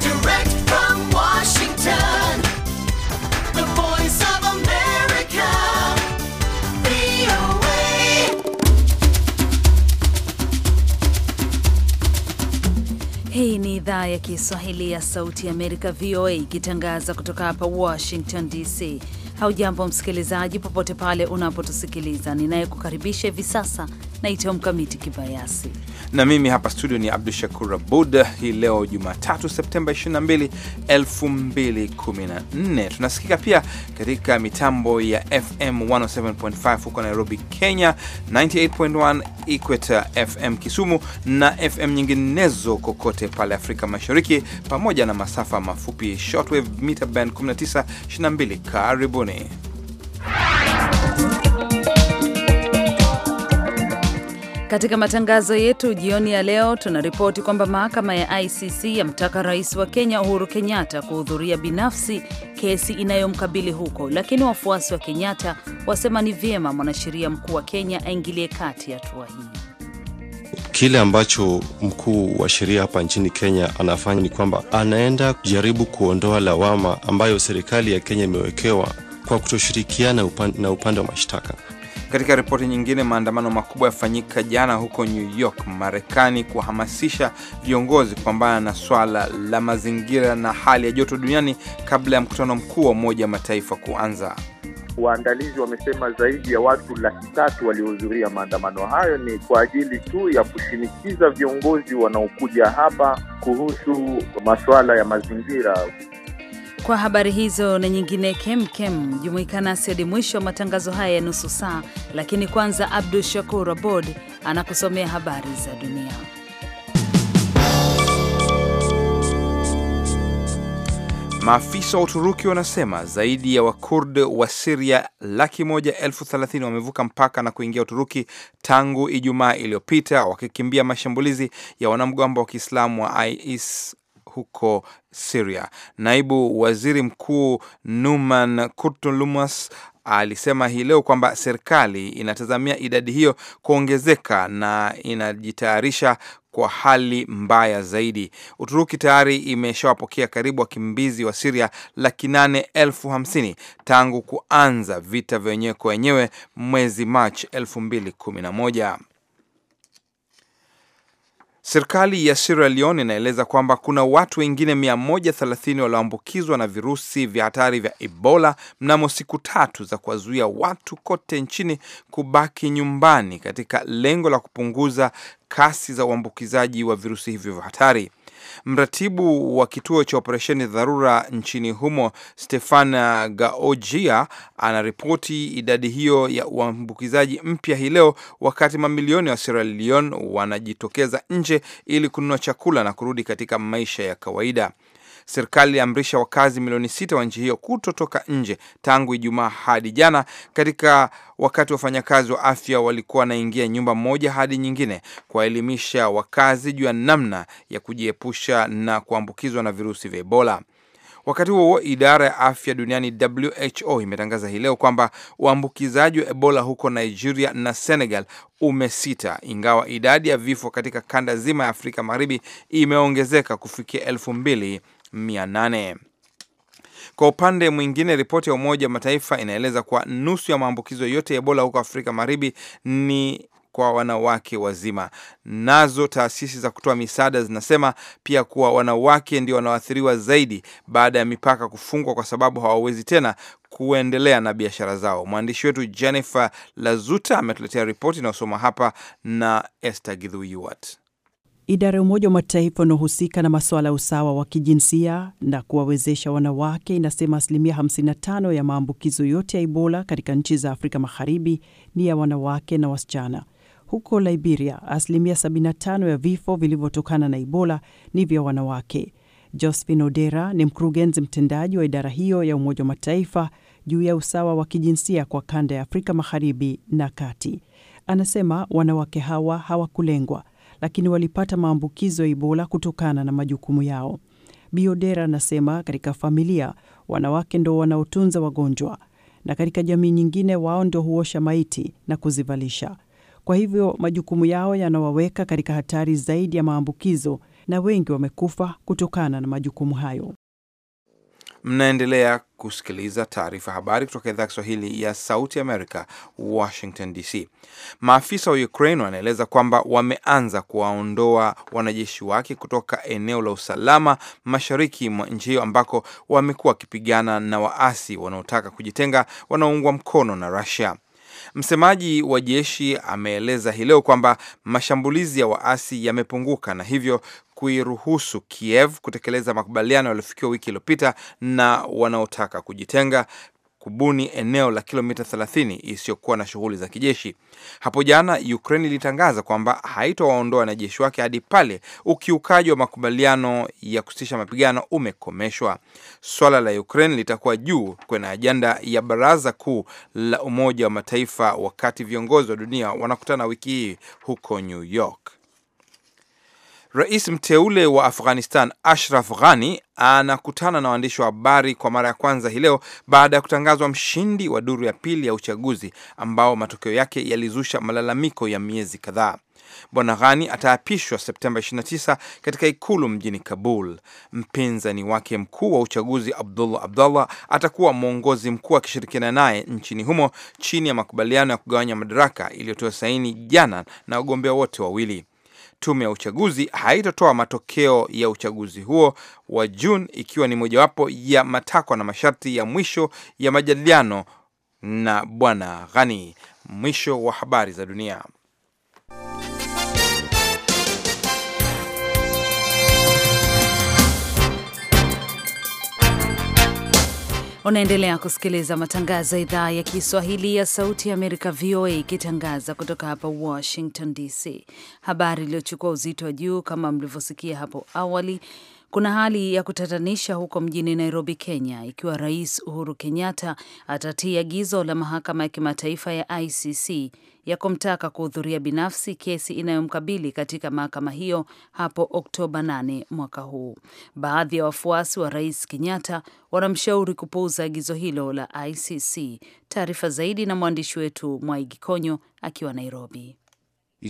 Direct from Washington, the voice of America, VOA. Hii ni idhaa ya Kiswahili ya Sauti ya Amerika, VOA, ikitangaza kutoka hapa Washington DC. Haujambo msikilizaji, popote pale unapotusikiliza. Ninayekukaribisha hivi sasa Naitwa Mkamiti Kibayasi na mimi hapa studio ni Abdu Shakur Abud. Hii leo Jumatatu, Septemba 22, 2014, tunasikika pia katika mitambo ya FM 107.5 huko Nairobi, Kenya, 98.1 Equator FM Kisumu na FM nyinginezo kokote pale Afrika Mashariki, pamoja na masafa mafupi shortwave mita band 1922. Karibuni katika matangazo yetu jioni ya leo tunaripoti kwamba mahakama ya ICC yamtaka rais wa Kenya Uhuru Kenyatta kuhudhuria binafsi kesi inayomkabili huko, lakini wafuasi wa Kenyatta wasema ni vyema mwanasheria mkuu wa Kenya aingilie kati hatua hii. Kile ambacho mkuu wa sheria hapa nchini Kenya anafanya ni kwamba anaenda kujaribu kuondoa lawama ambayo serikali ya Kenya imewekewa kwa kutoshirikiana na upande wa mashtaka. Katika ripoti nyingine, maandamano makubwa yafanyika jana huko New York, Marekani, kuhamasisha viongozi kupambana na swala la mazingira na hali ya joto duniani kabla ya mkutano mkuu wa Umoja wa Mataifa kuanza. Waandalizi wamesema zaidi ya watu laki tatu waliohudhuria maandamano hayo ni kwa ajili tu ya kushinikiza viongozi wanaokuja hapa kuhusu masuala ya mazingira. Kwa habari hizo na nyingine kemkem, jumuika nasi hadi mwisho wa matangazo haya ya nusu saa, lakini kwanza Abdu Shakur Abod anakusomea habari za dunia. Maafisa wa Uturuki wanasema zaidi ya Wakurd wa Siria laki moja elfu thelathini wamevuka mpaka na kuingia Uturuki tangu Ijumaa iliyopita wakikimbia mashambulizi ya wanamgambo wa Kiislamu wa IS huko Syria. Naibu Waziri Mkuu Numan Kurtulumas alisema hii leo kwamba serikali inatazamia idadi hiyo kuongezeka na inajitayarisha kwa hali mbaya zaidi. Uturuki tayari imeshawapokea karibu wakimbizi wa Siria laki nane elfu hamsini tangu kuanza vita vya wenyewe kwa wenyewe mwezi Machi elfu mbili kumi na moja. Serikali ya Sierra Leone inaeleza kwamba kuna watu wengine 130 walioambukizwa na virusi vya hatari vya Ebola mnamo siku tatu za kuwazuia watu kote nchini kubaki nyumbani katika lengo la kupunguza kasi za uambukizaji wa virusi hivyo vya hatari. Mratibu wa kituo cha operesheni dharura nchini humo Stefana Gaojia anaripoti idadi hiyo ya uambukizaji mpya hii leo, wakati mamilioni ya wa Sierra Leone wanajitokeza nje ili kununua chakula na kurudi katika maisha ya kawaida. Serikali iliamrisha wakazi milioni sita wa nchi hiyo kutotoka nje tangu Ijumaa hadi jana, katika wakati wafanyakazi wa afya walikuwa wanaingia nyumba moja hadi nyingine kuwaelimisha wakazi juu ya namna ya kujiepusha na kuambukizwa na virusi vya Ebola. Wakati huo huo, idara ya afya duniani WHO imetangaza hii leo kwamba uambukizaji wa Ebola huko Nigeria na Senegal umesita, ingawa idadi ya vifo katika kanda zima ya Afrika Magharibi imeongezeka kufikia elfu mbili 800. Kwa upande mwingine, ripoti ya Umoja wa Mataifa inaeleza kuwa nusu ya maambukizo yote ya Ebola huko Afrika Magharibi ni kwa wanawake wazima. Nazo taasisi za kutoa misaada zinasema pia kuwa wanawake ndio wanaoathiriwa zaidi baada ya mipaka kufungwa, kwa sababu hawawezi tena kuendelea na biashara zao. Mwandishi wetu Jennifer Lazuta ametuletea ripoti inayosoma hapa na Esther Githui Idara ya Umoja wa Mataifa unaohusika na masuala ya usawa wa kijinsia na kuwawezesha wanawake inasema asilimia 55 ya maambukizo yote ya Ebola katika nchi za Afrika Magharibi ni ya wanawake na wasichana. Huko Liberia, asilimia 75 ya vifo vilivyotokana na Ebola ni vya wanawake. Josephine Odera ni mkurugenzi mtendaji wa idara hiyo ya Umoja wa Mataifa juu ya usawa wa kijinsia kwa kanda ya Afrika Magharibi na Kati. Anasema wanawake hawa hawakulengwa lakini walipata maambukizo ya Ebola kutokana na majukumu yao. Biodera anasema katika familia wanawake ndo wanaotunza wagonjwa na katika jamii nyingine wao ndo huosha maiti na kuzivalisha. Kwa hivyo majukumu yao yanawaweka katika hatari zaidi ya maambukizo, na wengi wamekufa kutokana na majukumu hayo. Mnaendelea kusikiliza taarifa habari kutoka idhaa ya Kiswahili ya Sauti Amerika, Washington DC. Maafisa wa Ukraine wanaeleza kwamba wameanza kuwaondoa wanajeshi wake kutoka eneo la usalama mashariki mwa nchi hiyo ambako wamekuwa wakipigana na waasi wanaotaka kujitenga wanaoungwa mkono na Rusia. Msemaji wa jeshi ameeleza hii leo kwamba mashambulizi ya waasi yamepunguka na hivyo kuiruhusu Kiev kutekeleza makubaliano yaliyofikiwa wiki iliyopita na wanaotaka kujitenga kubuni eneo la kilomita 30 isiyokuwa na shughuli za kijeshi. Hapo jana Ukraine ilitangaza kwamba haitowaondoa wanajeshi wake hadi pale ukiukaji wa makubaliano ya kusitisha mapigano umekomeshwa. Swala la Ukraine litakuwa juu kwenye ajenda ya Baraza Kuu la Umoja wa Mataifa wakati viongozi wa dunia wanakutana wiki hii huko New York. Rais mteule wa Afghanistan Ashraf Ghani anakutana na waandishi wa habari kwa mara ya kwanza hii leo baada ya kutangazwa mshindi wa duru ya pili ya uchaguzi ambao matokeo yake yalizusha malalamiko ya miezi kadhaa. Bwana Ghani ataapishwa Septemba 29 katika ikulu mjini Kabul. Mpinzani wake mkuu wa uchaguzi Abdullah Abdullah atakuwa mwongozi mkuu akishirikiana naye nchini humo chini ya makubaliano ya kugawanya madaraka iliyotoa saini jana na wagombea wote wawili tume ya uchaguzi haitatoa matokeo ya uchaguzi huo wa Juni, ikiwa ni mojawapo ya matakwa na masharti ya mwisho ya majadiliano na Bwana Ghani. Mwisho wa habari za dunia. Unaendelea kusikiliza matangazo ya idhaa ya Kiswahili ya Sauti ya Amerika, VOA, ikitangaza kutoka hapa Washington DC. Habari iliyochukua uzito wa juu kama mlivyosikia hapo awali kuna hali ya kutatanisha huko mjini Nairobi, Kenya, ikiwa Rais Uhuru Kenyatta atatii agizo la mahakama ya kimataifa ya ICC ya kumtaka kuhudhuria binafsi kesi inayomkabili katika mahakama hiyo hapo Oktoba 8 mwaka huu. Baadhi ya wafuasi wa Rais Kenyatta wanamshauri kupuuza agizo hilo la ICC. Taarifa zaidi na mwandishi wetu Mwaigi Konyo akiwa Nairobi.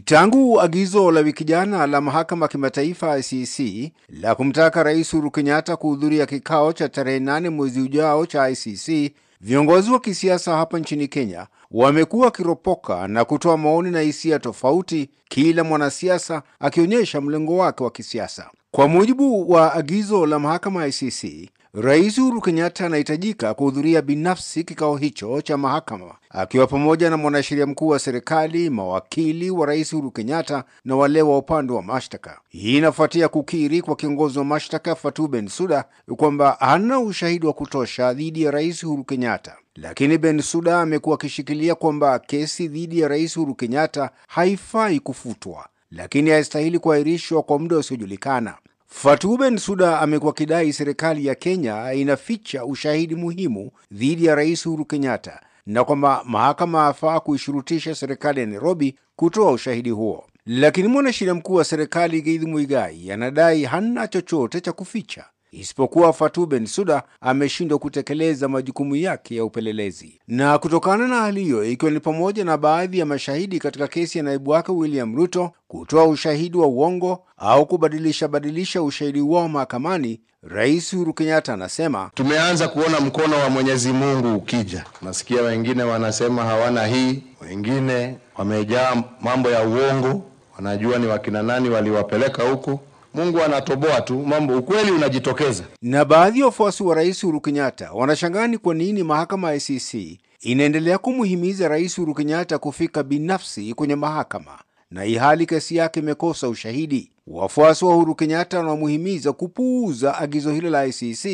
Tangu agizo la wiki jana la mahakama ya kimataifa ICC la kumtaka Rais Uhuru Kenyatta kuhudhuria kikao cha tarehe nane mwezi ujao cha ICC, viongozi wa kisiasa hapa nchini Kenya wamekuwa wakiropoka na kutoa maoni na hisia tofauti, kila mwanasiasa akionyesha mlengo wake wa kisiasa. Kwa mujibu wa agizo la mahakama ICC, Rais Uhuru Kenyatta anahitajika kuhudhuria binafsi kikao hicho cha mahakama akiwa pamoja na mwanasheria mkuu wa serikali, mawakili wa Rais Uhuru Kenyatta na wale wa upande wa mashtaka. Hii inafuatia kukiri kwa kiongozi wa mashtaka Fatou Bensouda kwamba hana ushahidi wa kutosha dhidi ya Rais Uhuru Kenyatta. Lakini Bensouda amekuwa akishikilia kwamba kesi dhidi ya Rais Uhuru Kenyatta haifai kufutwa, lakini haistahili kuahirishwa kwa muda usiojulikana. Fatuben Suda amekuwa kidai serikali ya Kenya inaficha ushahidi muhimu dhidi ya Rais Uhuru Kenyatta na kwamba mahakama afaa kuishurutisha serikali ya Nairobi kutoa ushahidi huo, lakini mwanasheria mkuu wa serikali Githu Muigai anadai hana chochote cha kuficha isipokuwa fatu ben suda ameshindwa kutekeleza majukumu yake ya upelelezi. Na kutokana na hali hiyo, ikiwa ni pamoja na baadhi ya mashahidi katika kesi ya naibu wake William Ruto kutoa ushahidi wa uongo au kubadilisha badilisha ushahidi wao mahakamani, Rais Uhuru Kenyatta anasema tumeanza kuona mkono wa Mwenyezi Mungu ukija. Nasikia wengine wanasema hawana hii, wengine wamejaa mambo ya uongo, wanajua ni wakina nani waliwapeleka huko Mungu anatoboa tu mambo, ukweli unajitokeza. Na baadhi ya wafuasi wa Rais Uhuru Kenyatta wanashangani kwa nini mahakama ya ICC inaendelea kumuhimiza Rais Uhuru Kenyatta kufika binafsi kwenye mahakama na ihali kesi yake imekosa ushahidi. Wafuasi wa Uhuru Kenyatta wanamuhimiza kupuuza agizo hilo la ICC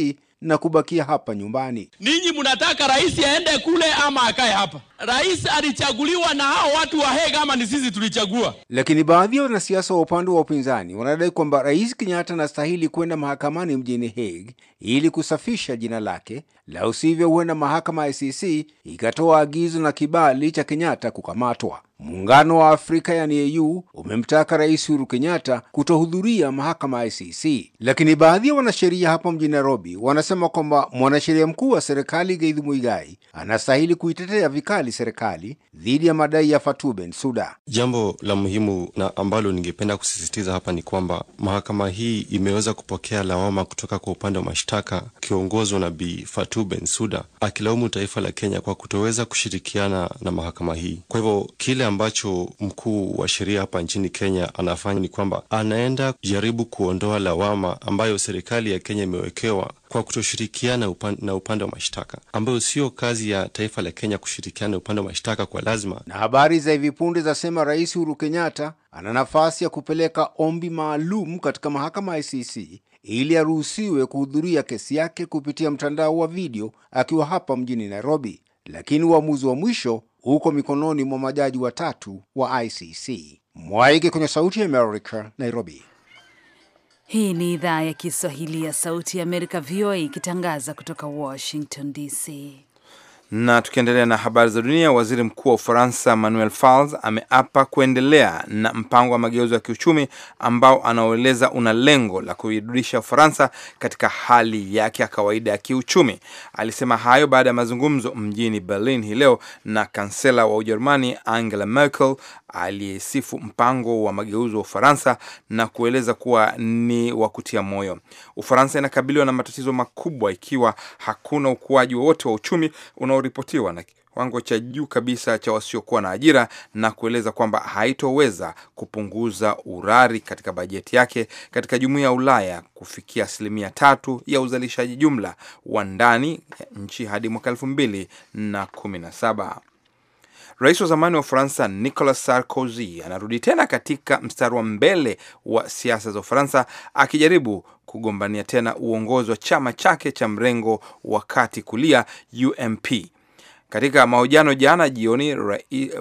na kubakia hapa nyumbani. Ninyi mnataka rais aende kule ama akae hapa? Rais alichaguliwa na hao watu wa Hega ama ni sisi tulichagua? Lakini baadhi ya wanasiasa wa upande wa upinzani wanadai kwamba Rais Kenyatta anastahili kwenda mahakamani mjini Hague ili kusafisha jina lake, la usivyo huenda mahakama ya ICC ikatoa agizo na kibali cha Kenyatta kukamatwa. Muungano wa Afrika yani AU umemtaka Rais Uhuru Kenyatta kutohudhuria mahakama ya ICC, lakini baadhi ya wanasheria hapa mjini Nairobi wanasema amesema kwamba mwanasheria mkuu wa serikali Geidhi Muigai anastahili kuitetea vikali serikali dhidi ya madai ya fatu bensuda Jambo la muhimu na ambalo ningependa kusisitiza hapa ni kwamba mahakama hii imeweza kupokea lawama kutoka kwa upande wa mashtaka kiongozwa na Bi Fatou Bensouda akilaumu taifa la Kenya kwa kutoweza kushirikiana na mahakama hii. Kwa hivyo kile ambacho mkuu wa sheria hapa nchini Kenya anafanya ni kwamba anaenda jaribu kuondoa lawama ambayo serikali ya Kenya imewekewa kwa kutoshirikiana upan, na upande wa mashtaka ambayo sio kazi ya taifa la Kenya kushirikiana na upande wa mashtaka kwa lazima. Na habari za hivi punde zasema Rais Uhuru Kenyatta ana nafasi ya kupeleka ombi maalum katika mahakama ya ICC ili aruhusiwe kuhudhuria kesi yake kupitia mtandao wa video akiwa hapa mjini Nairobi, lakini uamuzi wa mwisho huko mikononi mwa majaji watatu wa ICC. Mwaige kwenye Sauti ya America, Nairobi. Hii ni idhaa ya Kiswahili ya Sauti ya Amerika, VOA, ikitangaza kutoka Washington DC. Na tukiendelea na habari za dunia, waziri mkuu wa Ufaransa Manuel Valls ameapa kuendelea na mpango wa mageuzo ya kiuchumi ambao anaoeleza una lengo la kuirudisha Ufaransa katika hali yake ya kawaida ya kiuchumi. Alisema hayo baada ya mazungumzo mjini Berlin hii leo na kansela wa Ujerumani Angela Merkel aliyesifu mpango wa mageuzo wa Ufaransa na kueleza kuwa ni wa kutia moyo. Ufaransa inakabiliwa na matatizo makubwa ikiwa hakuna ukuaji wowote wa uchumi unao kilichoripotiwa na kiwango cha juu kabisa cha wasiokuwa na ajira na kueleza kwamba haitoweza kupunguza urari katika bajeti yake katika jumuiya ya Ulaya kufikia asilimia tatu ya uzalishaji jumla wa ndani ya nchi hadi mwaka elfu mbili na kumi na saba. Rais wa zamani wa Ufaransa Nicolas Sarkozy anarudi tena katika mstari wa mbele wa siasa za Ufaransa akijaribu kugombania tena uongozi wa chama chake cha mrengo wa kati kulia UMP. Katika mahojiano jana jioni,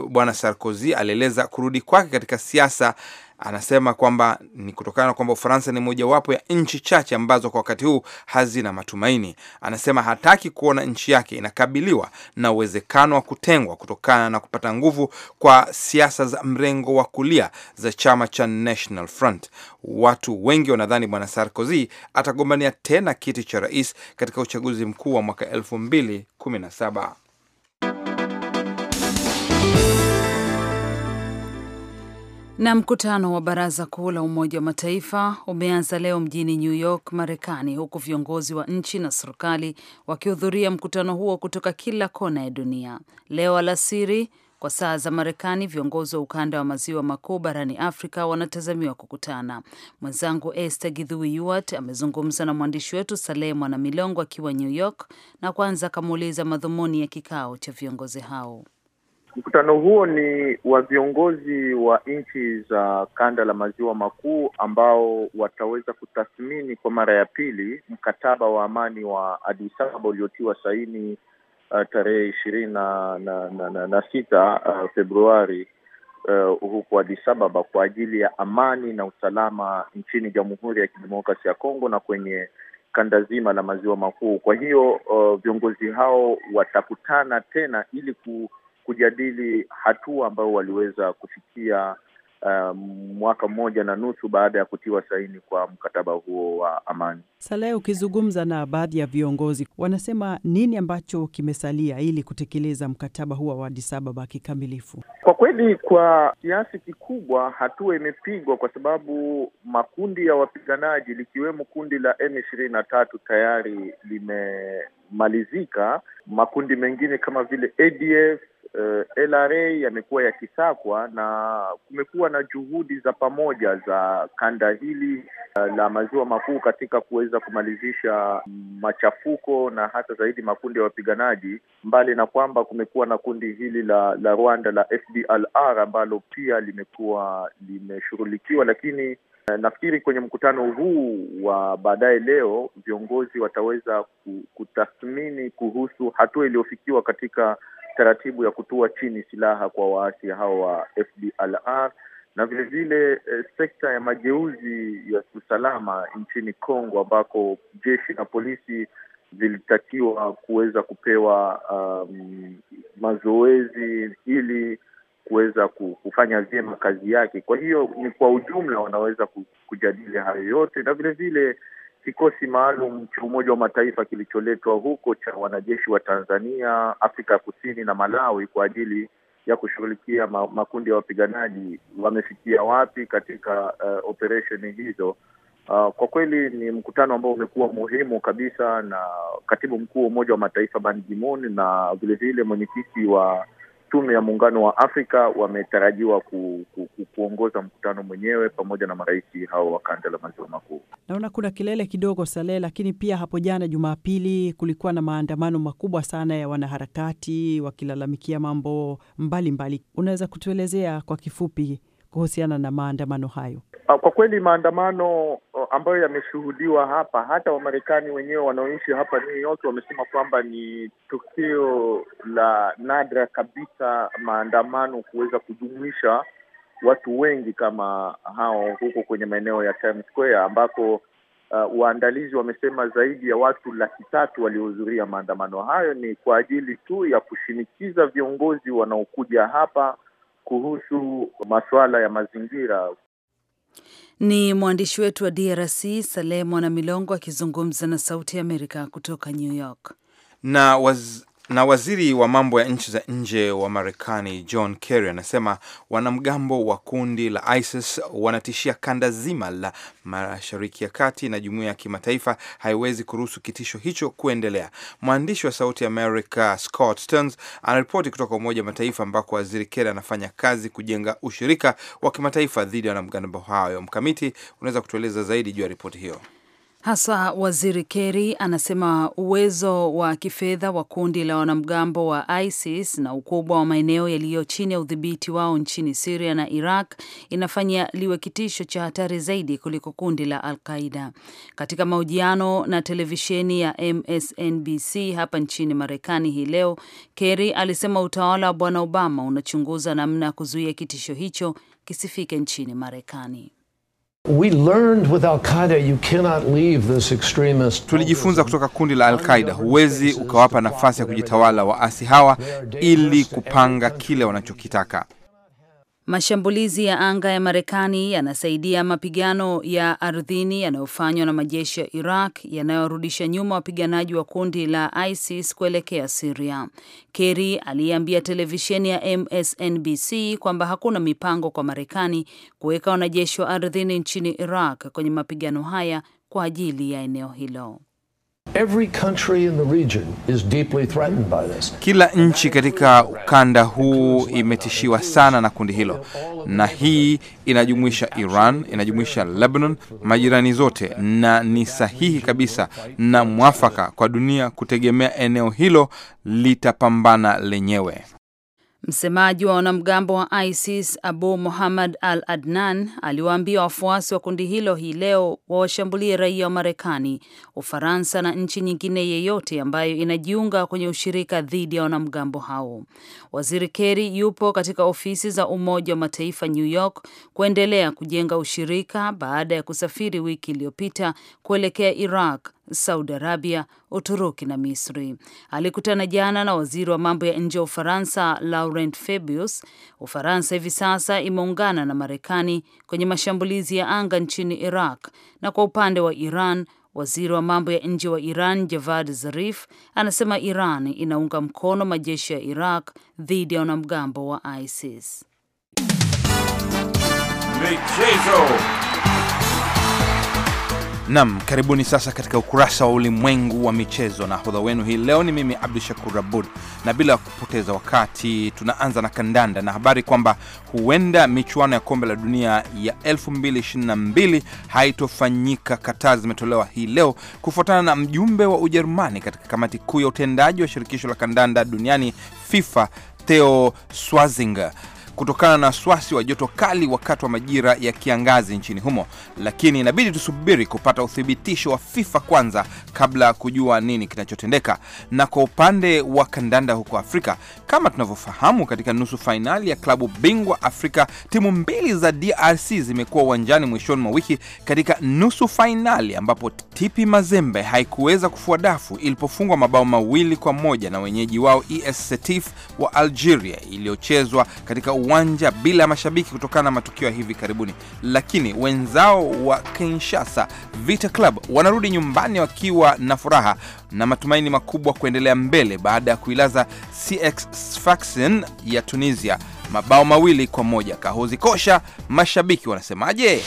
Bwana Sarkozy alieleza kurudi kwake katika siasa anasema kwamba ni kutokana na kwamba Ufaransa ni mojawapo ya nchi chache ambazo kwa wakati huu hazina matumaini. Anasema hataki kuona nchi yake inakabiliwa na uwezekano wa kutengwa kutokana na kupata nguvu kwa siasa za mrengo wa kulia za chama cha National Front. Watu wengi wanadhani bwana Sarkozy atagombania tena kiti cha rais katika uchaguzi mkuu wa mwaka 2017. Na mkutano wa baraza kuu la Umoja wa Mataifa umeanza leo mjini New York, Marekani, huku viongozi wa nchi na serikali wakihudhuria mkutano huo kutoka kila kona ya dunia. Leo alasiri kwa saa za Marekani, viongozi wa ukanda wa maziwa makuu barani Afrika wanatazamiwa kukutana. Mwenzangu Esther Gidhui Yuart amezungumza na mwandishi wetu Salehe Mwanamilongo Milongo akiwa New York, na kwanza akamuuliza madhumuni ya kikao cha viongozi hao. Mkutano huo ni wa viongozi wa nchi za kanda la maziwa makuu ambao wataweza kutathmini kwa mara ya pili mkataba wa amani wa Addis Ababa uliotiwa saini uh, tarehe ishirini na, na, na, na, na sita uh, Februari uh, huku Addis Ababa kwa ajili ya amani na usalama nchini Jamhuri ya Kidemokrasia ya Kongo na kwenye kanda zima la maziwa makuu. Kwa hiyo uh, viongozi hao watakutana tena ili ku kujadili hatua ambayo waliweza kufikia um, mwaka mmoja na nusu baada ya kutiwa saini kwa mkataba huo wa amani. Saleh, ukizungumza na baadhi ya viongozi wanasema nini ambacho kimesalia ili kutekeleza mkataba huo wa Addis Ababa kikamilifu? Kwa kweli, kwa kiasi kikubwa hatua imepigwa, kwa sababu makundi ya wapiganaji likiwemo kundi la M ishirini na tatu tayari limemalizika. Makundi mengine kama vile ADF eh, LRA yamekuwa yakisakwa na kumekuwa na juhudi za pamoja za kanda hili eh, la maziwa makuu katika kuweza kumalizisha machafuko na hata zaidi makundi ya wapiganaji, mbali na kwamba kumekuwa na kundi hili la, la Rwanda la FDLR ambalo pia limekuwa limeshughulikiwa, lakini eh, nafikiri kwenye mkutano huu wa baadaye leo viongozi wataweza kutathmini kuhusu hatua iliyofikiwa katika taratibu ya kutua chini silaha kwa waasi hao wa FDLR na vilevile eh, sekta ya mageuzi ya kiusalama nchini Kongo ambako jeshi na polisi zilitakiwa kuweza kupewa um, mazoezi ili kuweza kufanya vyema kazi yake. Kwa hiyo ni kwa ujumla wanaweza kujadili hayo yote na vilevile kikosi maalum cha Umoja wa Mataifa kilicholetwa huko cha wanajeshi wa Tanzania, Afrika Kusini na Malawi kwa ajili ya kushughulikia ma makundi ya wapiganaji wamefikia wapi katika uh, operesheni hizo. Uh, kwa kweli ni mkutano ambao umekuwa muhimu kabisa, na katibu mkuu wa Umoja wa Mataifa Ban Ki-moon na vilevile mwenyekiti wa tume ya muungano wa Afrika wametarajiwa ku, ku, ku, kuongoza mkutano mwenyewe pamoja na marais hao wa kanda la maziwa makuu. Naona kuna kilele kidogo salehe lakini pia hapo jana Jumapili kulikuwa na maandamano makubwa sana ya wanaharakati wakilalamikia mambo mbalimbali. Unaweza kutuelezea kwa kifupi kuhusiana na maandamano hayo? Ah, kwa kweli maandamano oh, ambayo yameshuhudiwa hapa, hata Wamarekani wenyewe wanaoishi hapa New York wamesema kwamba ni tukio la nadra kabisa maandamano kuweza kujumuisha watu wengi kama hao huko kwenye maeneo ya Times Square ambako uh, waandalizi wamesema zaidi ya watu laki tatu waliohudhuria maandamano hayo ni kwa ajili tu ya kushinikiza viongozi wanaokuja hapa kuhusu masuala ya mazingira. Ni mwandishi wetu wa DRC Saleh Mwana Milongo akizungumza na Sauti ya Amerika kutoka New York. Na waz, na waziri wa mambo ya nchi za nje wa Marekani John Kerry anasema wanamgambo wa kundi la ISIS wanatishia kanda zima la Mashariki ya Kati na jumuiya ya kimataifa haiwezi kuruhusu kitisho hicho kuendelea. Mwandishi wa Sauti America Scott Stearns anaripoti kutoka Umoja wa Mataifa ambako waziri Kerry anafanya kazi kujenga ushirika wa kimataifa dhidi ya wanamgambo hayo. Mkamiti, unaweza kutueleza zaidi juu ya ripoti hiyo? Hasa Waziri Kerry anasema uwezo wa kifedha wa kundi la wanamgambo wa ISIS na ukubwa wa maeneo yaliyo chini ya udhibiti wao nchini siria na Iraq inafanya liwe kitisho cha hatari zaidi kuliko kundi la Al-Qaida. Katika mahojiano na televisheni ya MSNBC hapa nchini Marekani hii leo, Kerry alisema utawala wa Bwana Obama unachunguza namna ya kuzuia kitisho hicho kisifike nchini Marekani. Tulijifunza kutoka kundi la alqaida huwezi ukawapa nafasi ya kujitawala waasi hawa ili kupanga kile wanachokitaka. Mashambulizi ya anga ya Marekani yanasaidia mapigano ya ardhini yanayofanywa na majeshi ya Iraq yanayorudisha nyuma wapiganaji wa kundi la ISIS kuelekea Siria. Kerry aliyeambia televisheni ya MSNBC kwamba hakuna mipango kwa Marekani kuweka wanajeshi wa ardhini nchini Iraq kwenye mapigano haya kwa ajili ya eneo hilo. Every country in the region is deeply threatened by this. Kila nchi katika ukanda huu imetishiwa sana na kundi hilo, na hii inajumuisha Iran, inajumuisha Lebanon, majirani zote, na ni sahihi kabisa na mwafaka kwa dunia kutegemea eneo hilo litapambana lenyewe. Msemaji wa wanamgambo wa ISIS Abu Muhammad al Adnan aliwaambia wafuasi wa kundi hilo hii leo wawashambulie raia wa Marekani, Ufaransa na nchi nyingine yeyote ambayo inajiunga kwenye ushirika dhidi ya wanamgambo hao. Waziri Kerry yupo katika ofisi za Umoja wa Mataifa New York kuendelea kujenga ushirika baada ya kusafiri wiki iliyopita kuelekea Iraq Saudi Arabia, Uturuki na Misri. Alikutana jana na waziri wa mambo ya nje wa Ufaransa, Laurent Fabius. Ufaransa hivi sasa imeungana na Marekani kwenye mashambulizi ya anga nchini Iraq, na kwa upande wa Iran Waziri wa mambo ya nje wa Iran Javad Zarif anasema Iran inaunga mkono majeshi ya Iraq dhidi ya wanamgambo wa ISIS. Michezo. Nam, karibuni sasa katika ukurasa wa ulimwengu wa michezo. na hodha wenu hii leo ni mimi Abdu Shakur Abud, na bila kupoteza wakati tunaanza na kandanda na habari kwamba huenda michuano ya kombe la dunia ya 2022 haitofanyika. Kataa zimetolewa hii leo kufuatana na mjumbe wa Ujerumani katika kamati kuu ya utendaji wa shirikisho la kandanda duniani FIFA Theo Swazinger kutokana na wasiwasi wa joto kali wakati wa majira ya kiangazi nchini humo, lakini inabidi tusubiri kupata uthibitisho wa FIFA kwanza kabla ya kujua nini kinachotendeka. Na kwa upande wa kandanda huko Afrika, kama tunavyofahamu, katika nusu fainali ya klabu bingwa Afrika timu mbili za DRC zimekuwa uwanjani mwishoni mwa wiki katika nusu fainali ambapo TP Mazembe haikuweza kufua dafu ilipofungwa mabao mawili kwa moja na wenyeji wao ES Setif wa Algeria iliyochezwa katika uwanja bila mashabiki kutokana na matukio ya hivi karibuni, lakini wenzao wa Kinshasa Vita Club wanarudi nyumbani wakiwa na furaha na matumaini makubwa kuendelea mbele baada ya kuilaza CX Sfaxien ya Tunisia mabao mawili kwa moja. Kahozi Kosha, mashabiki wanasemaje?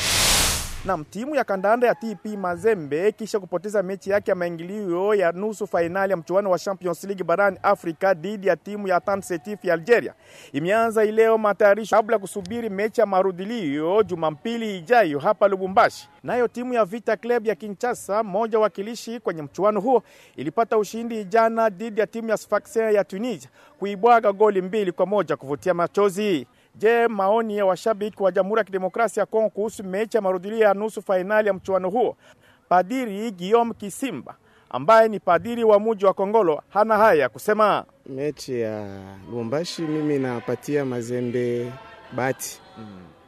na timu ya kandanda ya TP Mazembe kisha kupoteza mechi yake ya maingilio ya nusu fainali ya mchuano wa Champions League barani Afrika dhidi ya timu ya Tan Setif ya Algeria imeanza ileo matayarisho kabla ya kusubiri mechi ya marudilio Jumapili ijayo hapa Lubumbashi. Nayo timu ya Vita Club ya Kinshasa, moja wakilishi kwenye mchuano huo, ilipata ushindi jana dhidi ya timu ya Sfaxien ya Tunisia kuibwaga goli mbili kwa moja kuvutia machozi. Je, maoni ya washabiki wa Jamhuri ya Kidemokrasia ya Kongo kuhusu mechi ya marudhulio ya nusu fainali ya mchuano huo? Padiri Guillaume Kisimba ambaye ni padiri wa muji wa Kongolo hana haya kusema. Mechi ya Lubumbashi mimi napatia mazembe bati mm.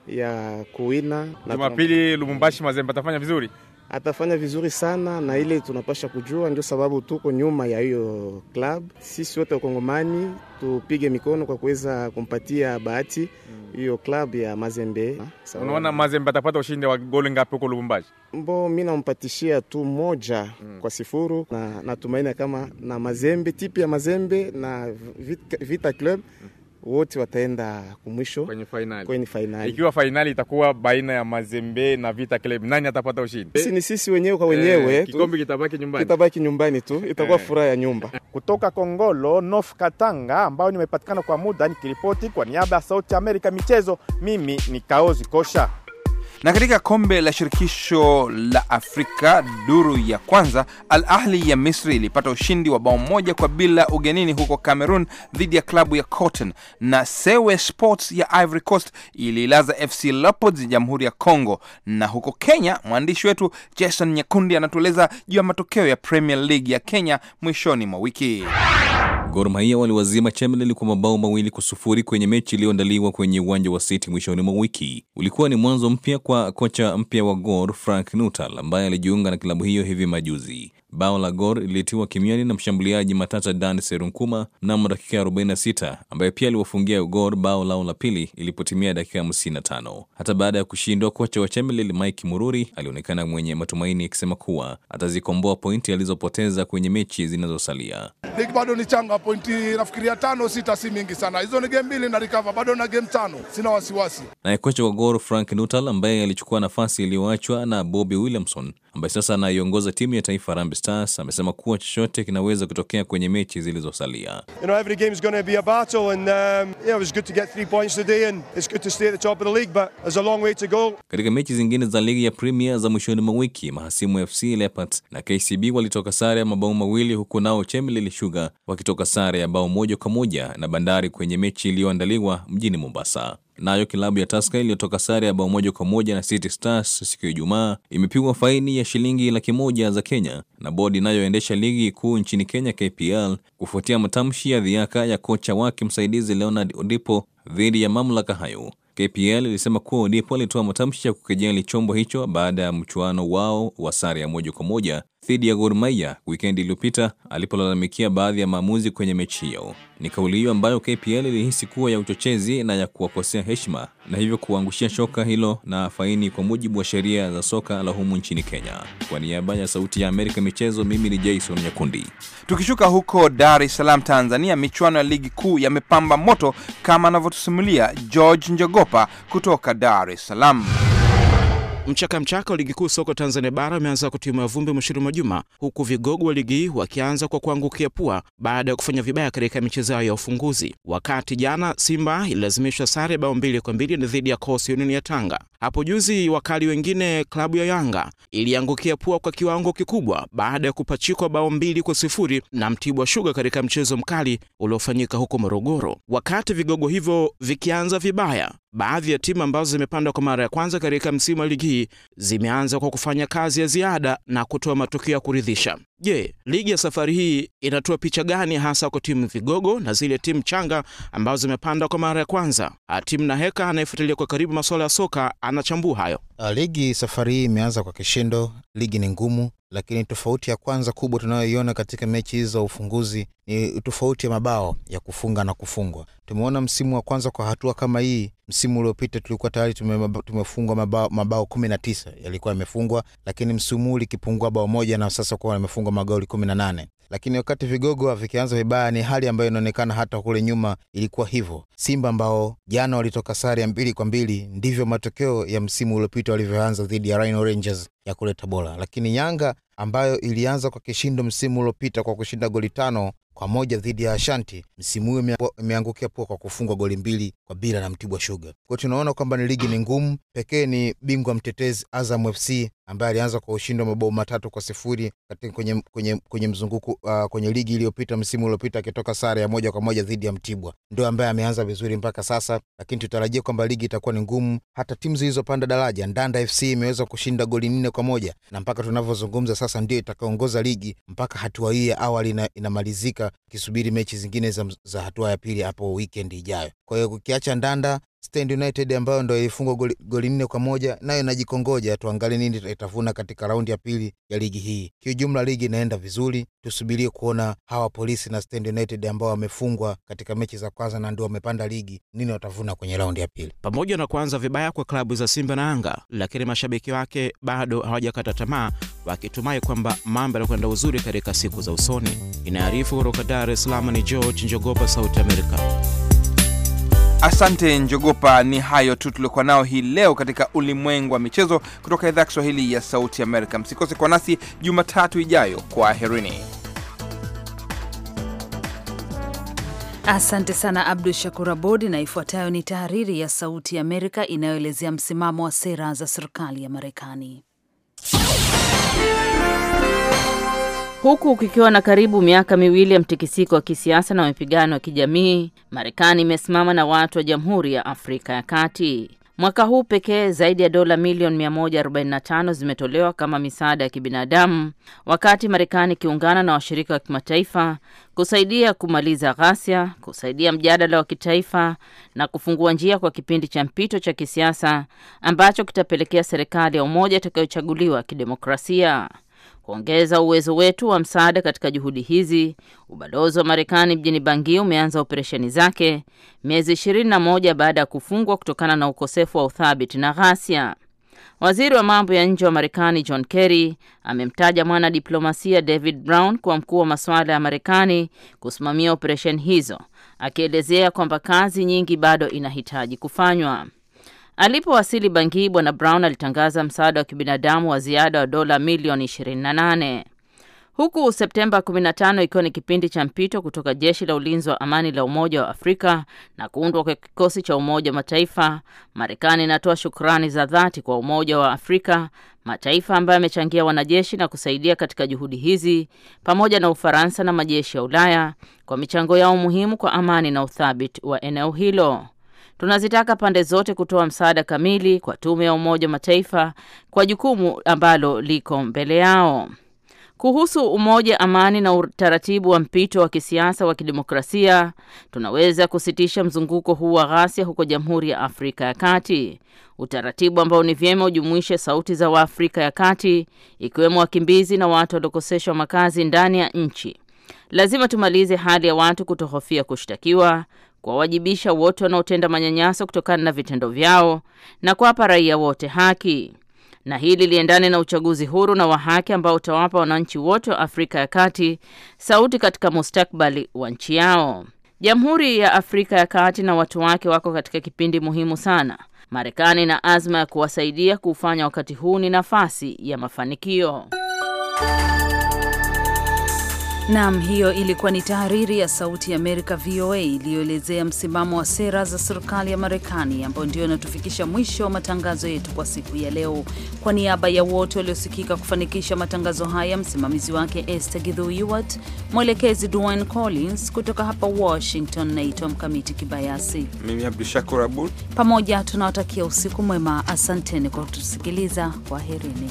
ya kuwina. Jumapili Lubumbashi mazembe atafanya vizuri atafanya vizuri sana, na ile tunapasha kujua. Ndio sababu tuko nyuma ya hiyo club. Sisi wote wakongomani tupige mikono kwa kuweza kumpatia bahati hiyo club ya Mazembe. Unaona Mazembe atapata ushindi wa goli ngapi huko Lubumbashi? Mbo mi nampatishia tu moja mm. kwa sifuru, na natumaini kama na Mazembe tipi ya Mazembe na Vita Club mm wote wataenda kumwisho kwenye fainali. Kwenye finali. ikiwa finali itakuwa baina ya Mazembe na Vita Club, nani atapata ushindi? Sisi ni sisi wenyewe kwa wenyewe eh, kikombe kitabaki nyumbani, kitabaki nyumbani tu, itakuwa eh, furaha ya nyumba. Kutoka Kongolo North Katanga, ambayo nimepatikana kwa muda nikiripoti kwa niaba ya Sauti ya Amerika michezo, mimi ni Kaozi Kosha. Na katika kombe la shirikisho la Afrika duru ya kwanza, Al Ahli ya Misri ilipata ushindi wa bao moja kwa bila ugenini huko Cameroon dhidi ya klabu ya Cotton, na Sewe Sports ya Ivory Coast ililaza FC Leopards ya Jamhuri ya congo Na huko Kenya, mwandishi wetu Jason Nyakundi anatueleza juu ya matokeo ya Premier League ya Kenya mwishoni mwa wiki. Gor Mahia waliwazima Chemelil kwa mabao mawili kwa sufuri kwenye mechi iliyoandaliwa kwenye uwanja wa City mwishoni mwa wiki. Ulikuwa ni mwanzo mpya kwa kocha mpya wa Gor Frank Nuttall ambaye alijiunga na klabu hiyo hivi majuzi. Bao la Gor lilitiwa kimiani na mshambuliaji matata Dan Serunkuma mnamo dakika 46 ambaye pia aliwafungia Gor bao lao la pili ilipotimia dakika 55. Hata baada ya kushindwa, kocha wa Chemelil Mike Mururi alionekana mwenye matumaini akisema kuwa atazikomboa pointi alizopoteza kwenye mechi zinazosalia. Ligi bado ni changa, pointi nafikiria tano sita, si mingi sana. Hizo ni game mbili na recover, bado na game tano, sina wasiwasi. Naye kocha wa Gor Frank Nuttall ambaye alichukua nafasi iliyoachwa na Bobby Williamson ambaye sasa anaiongoza timu ya taifa Harambee Stars, amesema kuwa chochote kinaweza kutokea kwenye mechi zilizosalia. Um, Katika mechi zingine za ligi ya Premier za mwishoni mwa wiki, mahasimu FC Leopards na KCB walitoka sare ya mabao mawili huku nao Chemelil Sugar wakitoka sare ya bao moja kwa moja na Bandari kwenye mechi iliyoandaliwa mjini Mombasa. Nayo kilabu ya Tusker iliyotoka sare ya bao moja kwa moja na City Stars siku ya Ijumaa imepigwa faini ya shilingi laki moja za Kenya na bodi inayoendesha ligi kuu nchini Kenya KPL kufuatia matamshi ya dhiaka ya kocha wake msaidizi Leonard Odipo dhidi ya mamlaka hayo. KPL ilisema kuwa Odipo alitoa matamshi ya kukejeli chombo hicho baada ya mchuano wao wa sare ya moja kwa moja dhidi ya Gor Mahia wikendi iliyopita alipolalamikia baadhi ya maamuzi kwenye mechi hiyo. Ni kauli hiyo ambayo KPL ilihisi kuwa ya uchochezi na ya kuwakosea heshima na hivyo kuangushia shoka hilo na faini kwa mujibu wa sheria za soka la humu nchini Kenya. Kwa niaba ya Sauti ya Amerika michezo, mimi ni Jason Nyakundi. Tukishuka huko Dar es Salaam, Tanzania, michuano ya ligi kuu yamepamba moto kama anavyotusimulia George Njogopa kutoka Dar es Salaam. Mchaka mchaka wa ligi kuu soka Tanzania bara umeanza kutimua vumbi mwishoni mwa juma, huku vigogo wa ligi hii wakianza kwa kuangukia pua baada ya kufanya vibaya katika michezo yao ya ufunguzi. Wakati jana Simba ililazimishwa sare bao mbili kwa mbili dhidi ya Coastal Union ya Tanga. Hapo juzi wakali wengine, klabu ya Yanga iliangukia pua kwa kiwango kikubwa baada ya kupachikwa bao mbili kwa sifuri na Mtibwa Sugar katika mchezo mkali uliofanyika huko Morogoro. Wakati vigogo hivyo vikianza vibaya, Baadhi ya timu ambazo zimepanda kwa mara ya kwanza katika msimu wa ligi hii zimeanza kwa kufanya kazi ya ziada na kutoa matokeo ya kuridhisha. Je, ligi ya safari hii inatoa picha gani hasa kwa timu vigogo na zile timu changa ambazo zimepanda kwa mara ya kwanza? Hatim Naheka anayefuatilia kwa karibu masuala ya soka anachambua hayo. Uh, ligi safari hii imeanza kwa kishindo. Ligi ni ngumu, lakini tofauti ya kwanza kubwa tunayoiona katika mechi hizi za ufunguzi ni tofauti ya mabao ya kufunga na kufungwa. Tumeona msimu wa kwanza kwa hatua kama hii, msimu uliopita tulikuwa tayari tumefungwa mabao, mabao kumi na tisa yalikuwa yamefungwa, lakini msimu huu likipungua bao moja na sasa kuwa amefungwa magoli kumi na nane lakini wakati vigogo vikianza vibaya, ni hali ambayo inaonekana hata kule nyuma ilikuwa hivyo. Simba ambao jana walitoka sare ya mbili kwa mbili, ndivyo matokeo ya msimu uliopita walivyoanza dhidi ya Rhino Rangers ya kule Tabora. Lakini Yanga ambayo ilianza kwa kishindo msimu uliopita kwa kushinda goli tano kwa moja dhidi ya Ashanti, msimu huyo imeangukia pua kwa kufungwa goli mbili kwa bila na Mtibwa Sugar. Kwa tunaona kwamba ni ligi ni ngumu, pekee ni bingwa mtetezi Azam FC ambaye alianza kwa ushindi wa mabao matatu kwa sifuri katika kwenye, kwenye, kwenye mzunguko uh, kwenye ligi iliyopita msimu uliopita akitoka sare ya moja kwa moja dhidi ya Mtibwa, ndio ambaye ameanza vizuri mpaka sasa, lakini tutarajia kwamba ligi itakuwa ni ngumu. Hata timu zilizopanda daraja, Ndanda FC imeweza kushinda goli nne kwa moja na mpaka tunavyozungumza sasa ndio itakaongoza ligi mpaka hatua hii ya awali ina, inamalizika, ikisubiri mechi zingine za, za hatua ya pili hapo wikendi ijayo. Kwa hiyo ukiacha Ndanda Stand United ambayo ndo ilifungwa goli, nne kwa moja nayo inajikongoja. Tuangalie nini itavuna katika raundi ya pili ya ligi hii. Kiujumla ligi inaenda vizuri, tusubirie kuona hawa polisi na Stand United ambao wamefungwa katika mechi za kwanza na ndio wamepanda ligi, nini watavuna kwenye raundi ya pili. Pamoja na kuanza vibaya kwa klabu za Simba na Yanga, lakini mashabiki wake bado hawajakata tamaa, wakitumai kwamba mambo yanakwenda uzuri katika siku za usoni. Inaarifu kutoka Dar es Salaam ni George Njogopa, Sauti Amerika. Asante Njogopa. Ni hayo tu tuliokuwa nao hii leo katika ulimwengu wa michezo kutoka idhaa ya Kiswahili ya Sauti Amerika. Msikose kwa nasi Jumatatu ijayo. Kwa herini. Asante sana Abdu Shakur abod Na ifuatayo ni tahariri ya Sauti ya Amerika inayoelezea msimamo wa sera za serikali ya Marekani. Huku kukiwa na karibu miaka miwili ya mtikisiko wa kisiasa na mapigano ya kijamii, Marekani imesimama na watu wa Jamhuri ya Afrika ya Kati. Mwaka huu pekee zaidi ya dola milioni 145 zimetolewa kama misaada ya kibinadamu, wakati Marekani ikiungana na washirika wa kimataifa kusaidia kumaliza ghasia, kusaidia mjadala wa kitaifa na kufungua njia kwa kipindi cha mpito cha kisiasa ambacho kitapelekea serikali ya umoja itakayochaguliwa kidemokrasia kuongeza uwezo wetu wa msaada katika juhudi hizi, ubalozi wa Marekani mjini bangi umeanza operesheni zake miezi 21 baada ya kufungwa kutokana na ukosefu wa uthabiti na ghasia. Waziri wa mambo ya nje wa Marekani John Kerry amemtaja mwana diplomasia David Brown kuwa mkuu wa masuala ya Marekani kusimamia operesheni hizo, akielezea kwamba kazi nyingi bado inahitaji kufanywa. Alipowasili Bangui, Bwana Brown alitangaza msaada wa kibinadamu wa ziada wa dola milioni 28 huku Septemba 15 ikiwa ni kipindi cha mpito kutoka jeshi la ulinzi wa amani la Umoja wa Afrika na kuundwa kwa kikosi cha Umoja wa Mataifa. Marekani inatoa shukrani za dhati kwa Umoja wa Afrika, mataifa ambayo yamechangia wanajeshi na kusaidia katika juhudi hizi, pamoja na Ufaransa na majeshi ya Ulaya kwa michango yao muhimu kwa amani na uthabiti wa eneo hilo. Tunazitaka pande zote kutoa msaada kamili kwa tume ya Umoja wa Mataifa kwa jukumu ambalo liko mbele yao. Kuhusu umoja, amani na utaratibu wa mpito wa kisiasa wa kidemokrasia, tunaweza kusitisha mzunguko huu wa ghasia huko Jamhuri ya Afrika ya Kati, utaratibu ambao ni vyema ujumuishe sauti za Waafrika ya Kati, ikiwemo wakimbizi na watu waliokoseshwa makazi ndani ya nchi. Lazima tumalize hali ya watu kutohofia kushtakiwa, kuwawajibisha wote wanaotenda manyanyaso kutokana na vitendo vyao na kuwapa raia wote haki, na hili liendane na uchaguzi huru na wa haki ambao utawapa wananchi wote wa Afrika ya Kati sauti katika mustakbali wa nchi yao. Jamhuri ya Afrika ya Kati na watu wake wako katika kipindi muhimu sana. Marekani na azma ya kuwasaidia kuufanya wakati huu ni nafasi ya mafanikio. Nam, hiyo ilikuwa ni tahariri ya Sauti ya Amerika VOA iliyoelezea msimamo wa sera za serikali ya Marekani, ambayo ndio inatufikisha mwisho wa matangazo yetu kwa siku ya leo. Kwa niaba ya wote waliosikika kufanikisha matangazo haya, msimamizi wake Esther Githuiwat, mwelekezi Dwayne Collins. Kutoka hapa Washington naitwa Mkamiti Kibayasi, mimi Abdu Shakur Abud. Pamoja tunawatakia usiku mwema, asanteni kwa kutusikiliza. Kwaherini.